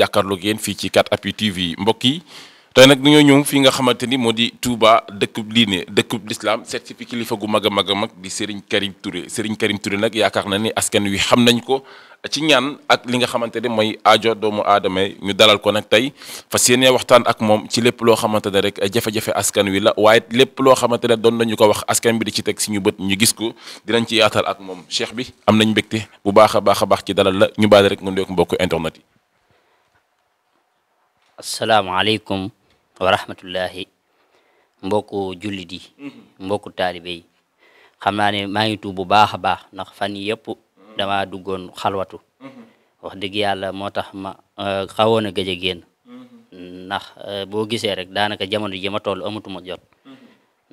jàkkaarloog yéen fii ci 4appuis TV mbokk yi tey nag dañoo ñëw fii nga xamante ni moo di Touba dëkkub diine dëkkub lislaam seet kilifa gu mag a mag a mag di Serigne Karim Touré Serigne Karim Touré nag yaakaar na ni askan wi xam nañ ko ci ñaan ak li nga xamante ne mooy ajo doomu aadama ñu dalal ko nag tey fas yéene waxtaan ak moom ci lépp loo xamante ne rek jafe-jafe askan wi la waaye lépp loo xamante ne doon nañu ko wax askan bi di ci teg suñu bët ñu gis ko dinañ ci yaatal ak moom cheikh bi am nañ mbégte bu baax a baax a baax ci dalal la ñu baal rek nga ndoog mbokk internet asalaamualeykum wa rahmatullahi mbokku jullit yi mbokku taalibe yi xam naa ne maa ngi tuub bu baax a baax ndax fan yi yëpp dama duggoon xalwatu wax dëgg yàlla moo tax ma euh, xawoon a gëj a génn ndax euh, boo gisee rek daanaka jamono ji ma toll amatuma jot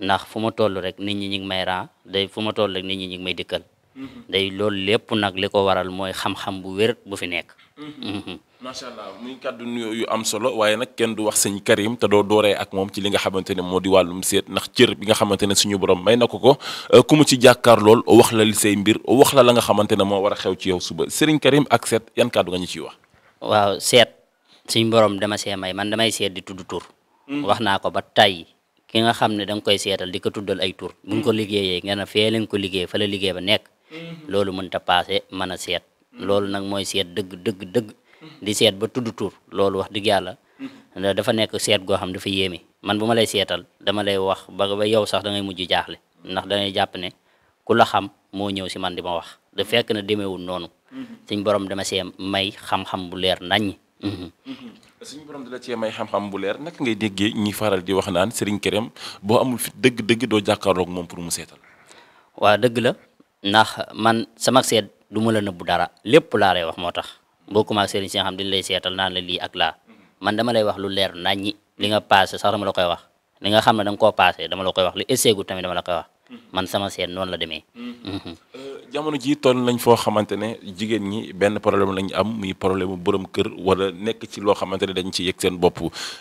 ndax fu ma toll rek nit ñi ñu ngi may ran day fu ma toll rek nit ñi ñu ngi may dëkkal Mm-hmm. day loolu lépp nag li ko waral mooy xam-xam bu wér bu fi nekk. Mm-hmm. Mm-hmm. macha allah muy kàddu nuyoo yu am solo waaye nag kenn du wax sëñ Karim te doo dooree ak moom ci li nga xamante ne moo di wàllum seet ndax cër bi nga xamante ne suñu borom may na ko ko euh, ku mu ci jàkkaar lool wax la li say mbir wax la la nga xamante ne moo war a xew ci yow suba sëriñ Karim ak seet yan kàddu nga ñu ciy wax. waaw seet suñu borom dama see may man damay seet di tudd tur. wax naa ko ba tàyyi ki nga xam ne da nga koy seetal di ko tuddal ay ko liggéeyee nga ne fee lañ ko liggéey fa liggéey ba nekk. Mhm. loolu mënta paase man a seet mhm. loolu nag mooy seet dëgg dëgg dëgg mhm. di seet ba tudd tur loolu wax dëgg yàlla dafa nekk seet goo xam dafa yéeme man bu ma lay seetal dama lay wax ba ba yow sax dangay mujj jaaxle ndax dangay jàpp ne ku la xam moo ñëw si man di ma wax da fekk na demeewul noonu suñ borom dama see may xam-xam bu leer nañ suñu borom di la cee may xam-xam bu leer naka ngay déggee ñi faral di wax naan Serigne Kerem boo amul dëgg-dëgg doo jàkkaarloog moom pour mu seetal. ndax man sama seet du ma la nëbbu dara lépp laa lay wax moo tax boo commencé li si nga lay seetal naan la lii ak laa man dama lay wax lu leer naññi li nga passé sax dama la koy wax li nga xam ne da nga koo passé dama la koy wax lu essayé gu tamit dama la koy wax man sama seen noonu la demee. Mm-hmm. Mm-hmm. Euh, jamono ji toll nañ foo xamante ne jigéen ñi benn problème lañu am muy problème mu borom kër wala nekk ci loo xamante ne dañ ci yegg seen bopp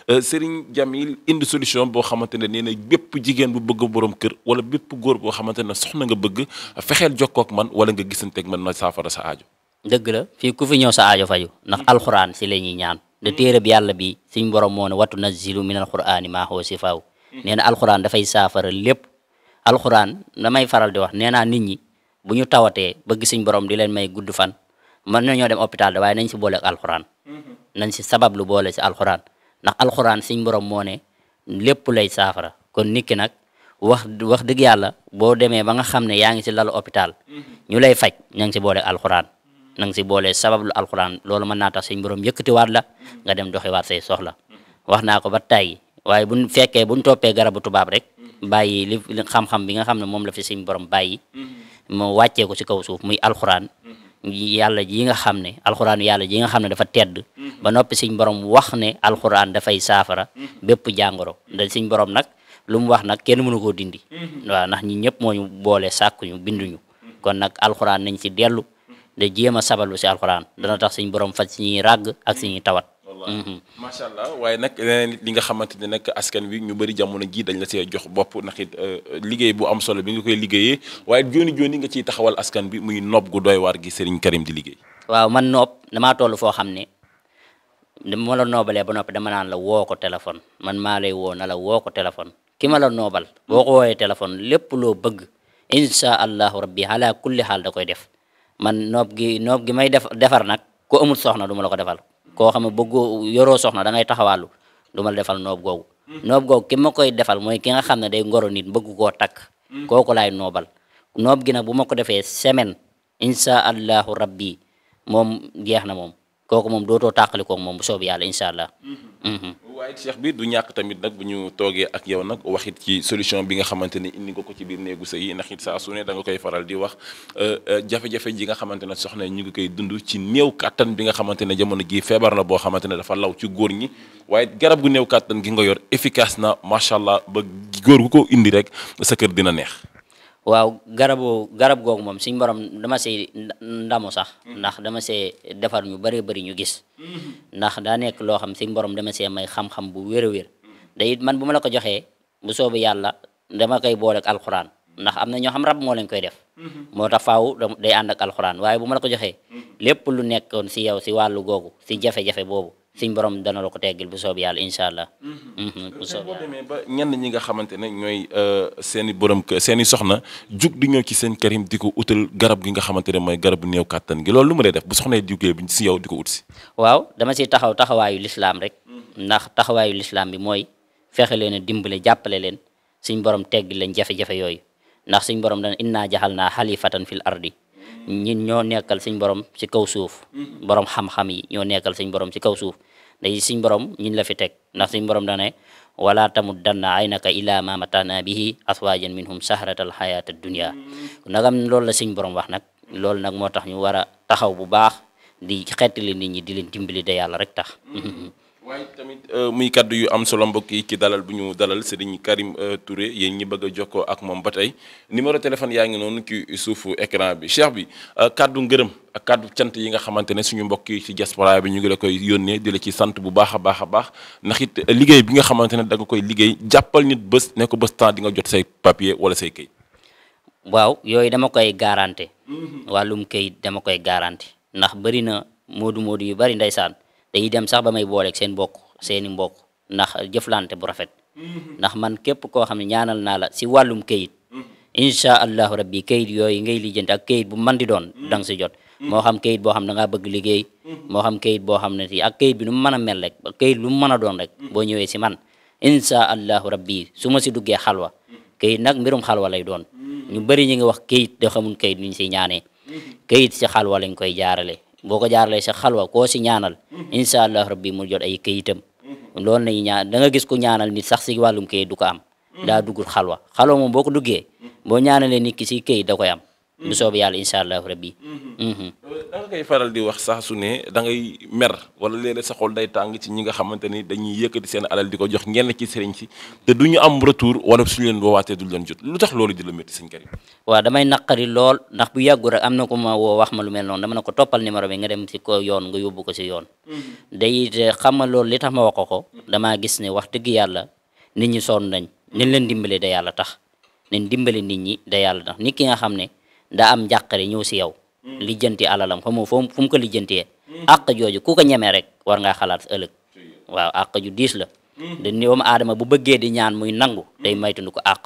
euh, Serigne Jamil indi solution boo xamante ne nee na bépp jigéen bu bëgg borom kër wala bépp góor boo xamante ne soxna nga bëgg fexeel jokkoo ak man wala nga gisanteeg man ma saafara sa aajo. dëgg la fii ku fi ñëw sa aajo faju ndax mm-hmm. alxuraan si la ñaan. de téere bi yàlla bi suñ borom moo ne watu nazilu min alxuraani maa huwa sifaaw nee na alxuraan dafay saafara lépp. alxuraan may faral di wax nee naa nit ñi bu ñu tawatee bëgg suñ borom di leen may gudd fan mën nañoo dem hôpital de waaye nañ si boole ak alxuraan mm-hmm. nañ si sabab boole si alxuraan ndax alxuraan suñ borom moo ne lépp lay saafara kon nit ki nag wax wax dëgg yàlla boo demee ba nga xam ne yaa ngi si lalu hôpital mm-hmm. ñu lay faj ña ngi si boole alxuraan mm-hmm. na nga si boole sabablu alxuraan loolu mën naa tax suñ borom yëkkatiwaat la nga dem doxiwaat say soxla wax naa ko ba tàyyi waaye buñ fekkee buñ toppee rek bàyyi li xam-xam bi nga xam ne moom la fi suñ borom bàyyi mu wàccee ko ci kaw suuf muy alxuraan yàlla ji nga xam ne alxuraan yàlla ji nga xam ne dafa tedd ba noppi suñ borom wax ne alxuraan dafay saafara bépp jàngoro da suñ borom nag lu mu wax nag kenn mënu koo dindi waaw ndax ñi ñëpp moo ñu boole sàkkuñu binduñu kon nag alxuraan nañ si dellu da jéem a sabalu si alxuraan dana tax suñ borom fa suñuy ràgg ak suñuy tawat allah macha allah waaye nag leneen li nga xamante ne nag askan wi ñu bëri jamono jii dañ la see jox bopp ndax it euh, liggéey bu am solo bi nga koy liggéeyee waaye jooni jooni nga ciy taxawal askan bi muy nopp gu doy waar gi Serigne Karim di liggéey. waaw man nopp damaa toll foo xam ne ma la noobalee ba noppi dama naan la woo ko téléphone man maa lay woo na la woo ko téléphone ki ma la noobal boo ko woowee téléphone lépp loo bëgg incha allahu rabbi ala kulli xaal da koy def man noob gi noob gi may def defar nag ku amul soxna du ma la ko defal ko xam ne bëggoo yoroo soxna da ngay taxawaalu du ma defal noob googu hmm. noob googu ki ma koy defal mooy ki nga xam ne day ngoro nit bëgg koo takk hmm. kooku laay noobal noob gi nag bu ma ko defee semaine incha allahu rabbi moom jeex na moom kooku moom dootoo tàqali ko moom bu soob yàlla incha allah hmm. waaye Cheikh du ñàkk tamit nag bu ñu toogee ak yow nag waxit ci solution bi nga xamante ni indi nga ko ci biir néegu sëy yi ndax it saa su ne da koy faral di wax euh, euh, jafe-jafe ji nga xamante ne soxna ñu ngi koy dund ci néew kàttan bi nga xamante ne jamono jii feebar la boo xamante ne dafa law ci góor ñi waaye garab gu néew kàttan gi nga yor efficace na macha allah ba góor gu ko indi rek sa kër dina neex. waaw garabu garab googu moom si borom dama see ndamu sax mm-hmm. ndax dama see defar ñu bëree bëri ñu gis mm-hmm. ndax daa nekk loo xam suñ borom dama see may xam-xam bu wér wér day mm-hmm. man bu ma la ko joxee bu soobee yàlla dama koy boole ak alxuraan ndax am na ñoo xam rab moo leen koy def moo tax faaw day ànd alxuraan waaye bu ma la ko joxee lépp lu nekkoon si yow si wàllu googu si jafe-jafe boobu suñ borom dana la ko teggil bu soob yàlla incha allah. Mm-hmm. Mm-hmm. bu soob yàlla ñenn ñi nga xamante ne ñooy euh, seen i borom kër seeni soxna jug di ñëw ci seen kërim di ko utal garab gi nga xamante ne mooy bu néew kàttan gi loolu lu ma lay def bu soxnee jugee bi si yow di ko ut si. waaw dama si taxaw taxawaayu lislaam rek. Mm-hmm. ndax taxawaayu lislaam bi mooy fexe leen a dimbale jàppale leen suñ borom teggil leen jafe-jafe yooyu ndax suñ borom dana innaa jaxal naa xalifatan fil ardi ñin ñoo nekkal suñ borom ci kaw suuf mm-hmm. borom xam-xam yi ñoo nekkal suñ borom ci kaw suuf day suñ borom ñin la fi teg ndax suñ borom dane wala tamuddanna aynaka ila ma matana bihi aswajan minhum sahrata al hayata dunya mm-hmm. nagam loolu la suñ borom wax nag loolu nag moo tax ñu war a taxaw bu baax di xettali nit ñi di leen dimbali da yàlla rek tax mm-hmm. waaye tamit euh, muy kaddu yu am solo mbokk yi ci dalal bu ñu dalal Serigne Karim euh, Touré yéen ñi bëgg a jokkoo ak moom ba tey numéro téléphone yaa ngi noonu ci suufu ecran bi cheikh bi euh, kaddu ngërëm ak kaddu cant yi nga xamante ne suñu mbokk yi ci diaspora bi ñu ngi la koy yónnee di la ci sant bu baax a baax a baax ndaxit liggéey bi nga xamante ne da nga koy liggéey jàppal nit bës ne ko bés temps di nga jot say papier wala say këy waaw yooyu dama koy garante mhm. wàllum këyit dama koy garanti ndax bëri na moodu moodu yu bëri ndeysaan dañuy dem sax ba may booleeg seen mbokk seeni mbokk ndax jëflante bu rafet mm-hmm. ndax man képp koo xam ne ñaanal naa la si wàllum kayit mm-hmm. incha allahu rabbi kayit yooyu ngay lijjanti ak kayit bu man di doon mm-hmm. da si jot moo xam kayit boo xam ne da ngaa bëgg liggéey moo xam kayit boo xam ne si ak kayit bi nu mu mën a mel rek kayit lu mu mën a doon rek boo ñëwee si man incha allahu rabbi su ma si duggee xalwa kayit nag mbirum xalwa lay doon ñu bëri ñu ngi wax kayit da xamul kayit nuñ si ñaanee kayit si xalwa lañ koy jaarale boo ko jaaralee sa xalwa ko si ñaanal incha allah rabbi mu jot ay kayitam loolu lañu ñaan da nga gis ku ñaanal nit sax si wàllum kayit du ko am daa duggul xalwa xalwa moom boo ko duggee boo ñaanalee nit ki si kayit da koy am bu soobee yàlla incha allah rabbi. da mm-hmm. mm-hmm. nga faral di wax saa su ne da ngay mer wala léeg sa xol day tàng ci ñi nga xamante ni dañuy yëkkati seen alal di ko jox ñenn ci sëriñ si te du ñu am retour wala suñu leen woowaatee du leen jot lu tax loolu di la métti sëñ Karim. waaw damay naqari lool ndax bu yàggu rek am na ko ma wax ma lu mel noonu dama ne ko toppal numéro bi nga dem si ko yoon nga yóbbu ko si yoon. Mm-hmm. day xam nga loolu li tax ma wax ko ko damaa gis ne wax dëgg yàlla nit ñi sonn nañ nañ leen dimbale da yàlla tax nañ dimbale nit ñi da yàlla tax nit ki nga xam ne daa am njàqare ñëw si yow hmm. lijjanti alalam xamoo foo fu mu ko lijjantee hmm. àq jooju ku ko ñemee rek war ngaa xalaat ëllëg waaw àq ju diis la da hmm. doomu aadama bu bëggee di ñaan muy nangu day maytundu ko àq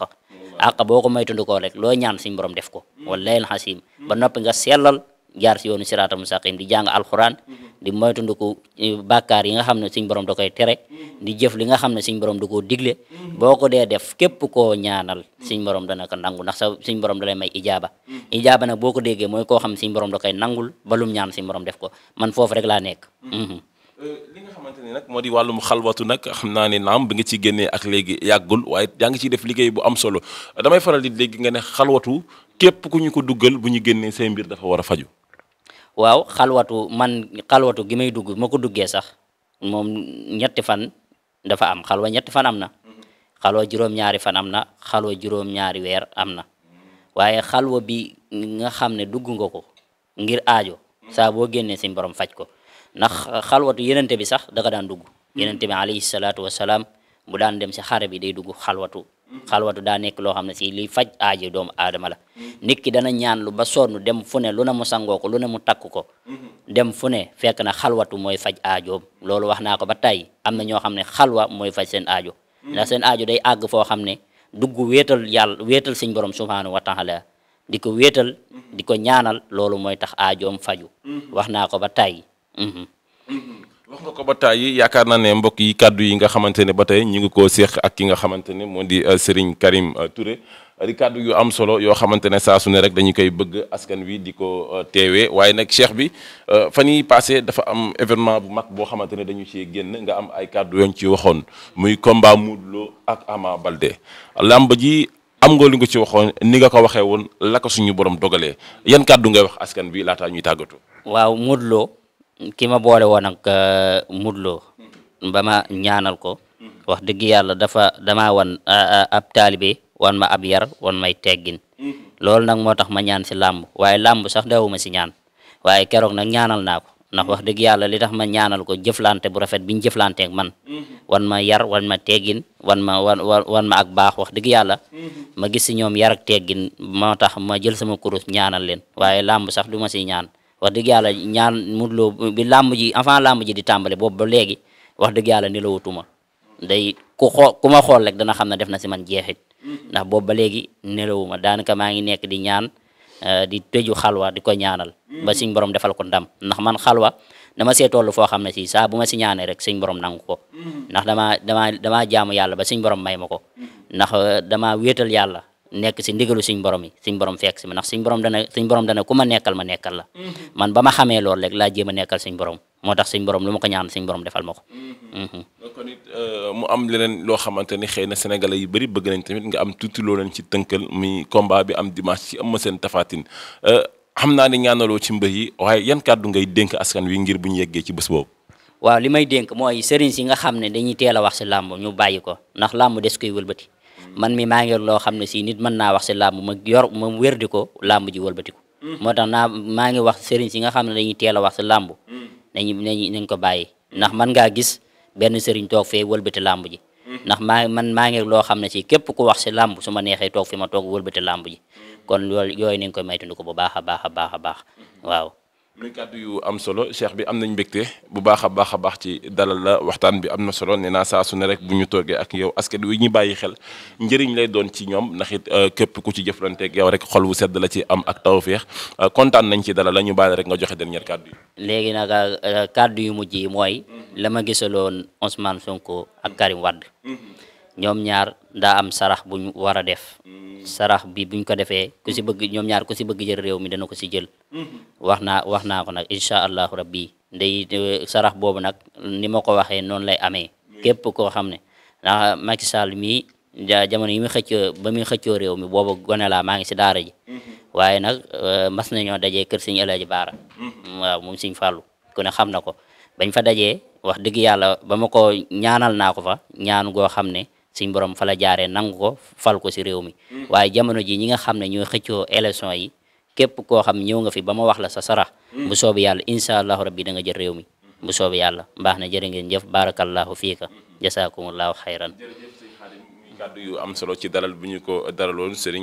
àq boo ko maytundu koo rek loo ñaan suñ borom def ko wallahi ba noppi nga sellal jaar si yoonu siraatal mustaqim di jàng alxuraan di moytandiku eh, bàkkaar yi nga xam ne siñ borom da koy tere di jëf li nga xam ne suñ borom da koo digle boo ko dee def képp koo ñaanal suñ borom dana ko nangu ndax sa suñ borom da lay may ijaaba ijaaba nag boo ko déggee mooy ko xam ne suñ borom da koy nangul balum ñaan suñ borom def ko man foofu rek laa nekk hmm. Hmm. Eh, moo di wàllum xalwatu nag xam naa ne naam bi ngi ciy génnee ak léegi yàggul waaye yaa ngi ciy def liggéey bu am solo damay faral di léegi nga ne xalwatu képp ku ñu ko duggal bu ñu génnee say mbir dafa war a faju waaw xalwatu man xalwatu gi may dugg ma ko duggee sax moom ñetti fan dafa am xalwa ñetti fan am na xalwa juróom-ñaari na xalwa juróom weer am na waaye xalwa bi nga xam ne dugg nga ko ngir aajo saa boo génnee si borom faj ko ndax xalwatu yenente bi sax da ko daan dugg yenente bi alayhi salaatu bu daan dem si xare bi day dugg xalwatu xalwatu daa nekk loo xam ne si liy faj aaji doomu aadama la nit ki dana ñaan lu ba sonn dem fu ne lu na mu sangoo ko lu ne mu takku ko dem fu ne fekk na xalwatu mooy faj aajoom loolu wax naa ko ba tey am na ñoo xam ne xalwa mooy faj seen aajo ndax seen aajo day àgg foo xam ne dugg wéetal yàlla wéetal suñ borom subhaanahu wa taala di ko wéetal di ko ñaanal loolu mooy tax aajoom faju mm-hmm. wax naa ko ba tey mm-hmm. Mm-hmm. wax nga ko ba tàyyi yaakaar naa ne mbokk yi kàddu yi nga xamante ne ba tey ñu ngi koo séq ak ki nga xamante ne moo di euh, Serigne Karim euh, ture di kàddu yu am solo yoo xamante ne saa sune rek dañu koy bëgg askan wi di ko euh, teewee waaye nag cheikh bi fan yii passé dafa am événement bu mag boo xamante ne dañu cee génn nga am ay kàddu yoo ci waxoon muy combat Modou Lo ak Ama balde làmb ji am nga lu nga ci waxoon ni nga ko waxee woon la ko suñu borom dogalee yan kàddu ngay wax askan bi laataa ñuy tàggatu. ki ma boole woon ak uh, Modou ba ma ñaanal ko mm-hmm. wax dëgg yàlla dafa dama wan uh, uh, ab taalibe wan ma ab yar wan may teggin mm-hmm. loolu nag moo tax ma ñaan si làmb waaye làmb sax dawuma si ñaan waaye keroog nag ñaanal naa ko ndax wax dëgg yàlla li tax ma ñaanal ko jëflante bu rafet bi ñu jëflante ak man mm-hmm. wan ma yar wan ma teggin wan ma wan wan ma ak baax wax dëgg yàlla ma gis si ñoom yar ak teggin moo tax ma jël sama kurus ñaanal leen waaye làmb sax du si ñaan wax dëgg yàlla ñaan Modou Lo bi làmb ji avant làmb ji di tàmbale boobu ba léegi wax dëgg yàlla nelawutuma day ku xool ku ma xool rek dana xam ne def na si man jeexit ndax boobu ba léegi ma daanaka maa ngi nekk di ñaan euh, di tëju xalwa di ko ñaanal ba suñ borom defal ko ndam ndax man xalwa dama see toll foo xam ne si saa bu ma si ñaanee rek suñ borom nangu ko mm-hmm. ndax dama damaa damaa jaamu yàlla ba suñ borom may ma ko ndax euh, damaa wéetal yàlla nekk si ndigalu suñ borom yi suñ borom fekk si ma ndax suñ borom dana suñ borom ma nekkal ma nekkal la mm-hmm. man ba ma xamee lool rek laa jéem a nekkal suñ borom moo tax suñ borom lu ma ko ñaan suñ mm-hmm. Mm-hmm. Euh, mu am leneen loo xamante ni xëy na sénégalais yu bëri bëgg nañ tamit nga am tuuti loo leen ci tënkal muy combat bi am dimanche ci Eumeu Sène Tapha Tine euh, xam naa ni ñaanaloo ci mbër yi waaye yan kàddu ngay dénk askan wi ngir bu ñu yeggee ci bés boobu. waaw li may dénk mooy sëriñ si nga xam ne dañuy teel a wax si làmb ñu bàyyi ko ndax làmb des koy walbati man mi maa ngi loo xam ne si nit mën naa wax si làmb ma yor ma wér ko làmb ji wëlbatiku mm. moo tax naa maa ngi wax sëriñ si nga xam ne dañuy teel a wax si làmb mm. nañu nañu nañ ko bàyyi ndax man ngaa gis benn sëriñ toog fee wëlbati làmb ji mm. ndax maa man maa ngi loo xam ne si képp ko wax si làmb su ma neexee toog fi ma toog wëlbati làmb ji kon loolu yooyu nañ koy ko bu baax a baax a baax a baax muy kàddu yu am solo cheikh bi am nañ mbégte bu baax a baax a baax ci dalal la waxtaan bi am na solo nee naa saa su ne rek bu ñu toogee ak yow que wi ñu bàyyi xel njëriñ lay doon ci ñoom ndax it euh, képp ku ci jëflanteeg yow rek xol wu sedd la ci am ak tawféex euh, kontaan nañ ci dalal la ñu bàyyi rek nga joxe dernier kàddu yi. léegi nag euh, kàddu yu mujj yi mooy. la ma gisaloon Ousmane Sonko ak Karim Wade. Mm-hmm. ñoom ñaar daa am sarax bu ñu war a def mm. sarax bi buñ ko defee ku si bëgg ñoom ñaar ku si bëgg jël réew mi dana ko si jël mm-hmm. wax naa wax naa ko nag incha allahu rabbi ndey eh, sarax boobu nag ni ma ko waxee noonu lay amee mm. képp koo xam ne ndax Macky Sall mii jamono yi muy xëccoo ba muy xëccoo réew mi boobu gone laa maa ngi si daara ji mm-hmm. waaye nag eh, mas nañoo dajee kër Sëñ Alaaji Baara mm-hmm. waaw moom Sëñ Fàllu ku ne xam na ko bañ fa dajee wax dëgg yàlla ba ma ñaanal naa fa ñaan goo xam ne suñ borom fa la jaaree nangu ko fal ko si réew mi mm. waaye jamono ji ñi nga xam ne ñooy xëccoo élection yi képp koo xam ñëw nga fi ba ma wax la sa sarax mm. bu soobi yàlla incha allahu rabbi da nga jël réew mi mm. bu soob yàlla mbaax na jërë ngeen jëf barakallahu fiika mm-hmm. jasaakumullahu xayran kàddu yu am solo ci dalal bu ñu ko dalaloon sëriñ